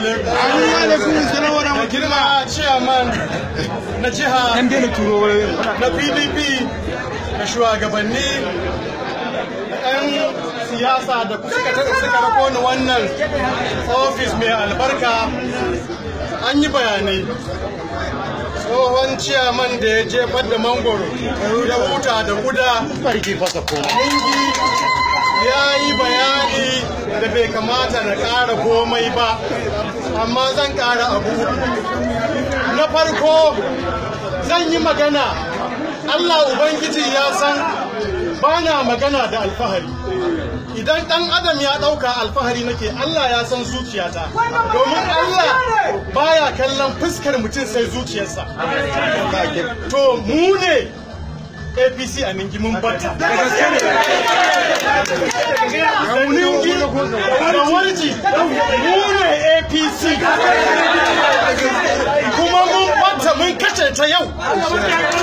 alaikum. Assalamu alaikum na jiha. na ɗan siyasa da suka rako wannan ofis mai albarka an yi bayanai tsohon ciyaman da ya jefar da mangoro da huta da guda ya yi bayani da bai kamata na ƙara komai ba amma zan ƙara abu na farko zan yi magana allah ubangiji ya san ba na magana da alfahari idan ɗan adam ya ɗauka alfahari nake allah ya san zuciyata domin allah baya kallon fuskar mutum sai zuciyarsa to mu ne apc a ningimin bata raunin ji da warji mu ne apc kuma mun bata mun kashe ta yau sarki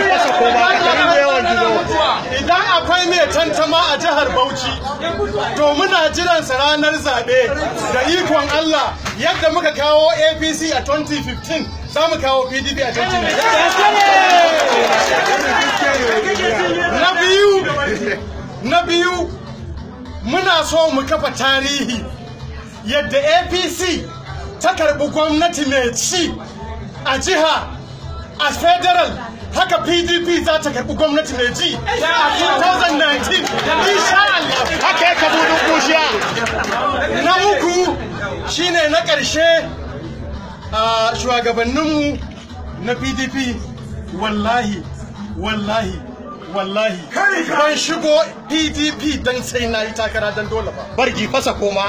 fasa ko ba da yawan gizo idan akwai mai tantama a jihar bauchi to muna jiran sa ranar zaɓe da ikon allah yadda muka kawo apc a 2015 za mu kawo pdp a 2019 na biyu muna so mu kafa tarihi yadda apc ta karbi gwamnati mai ci a jiha a federal haka pdp za ta karbi gwamnati mai ji a 2019 haka ya kabu kushiya na uku shine na ƙarshe a shugabanninmu na pdp wallahi wallahi wallahi ban shigo pdp don sai na yi takara don dole ba bargi fasa koma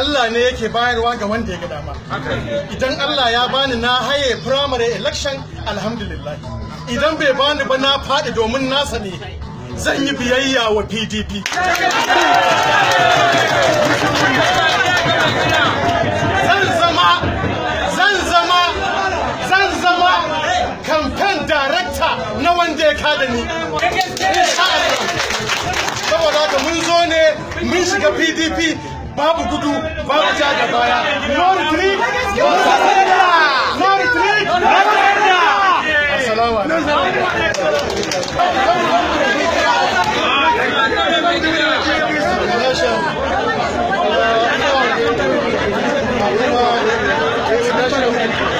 Allah ne yake bayarwa ga wanda ya ga dama idan Allah ya bani na haye primary election alhamdulillah idan bai bani ba na faɗi domin nasa ne zan yi biyayya wa pdp zan manta da saboda haka mun zo ne mun shiga pdp babu gudu babu ja da baya no retreat no surrender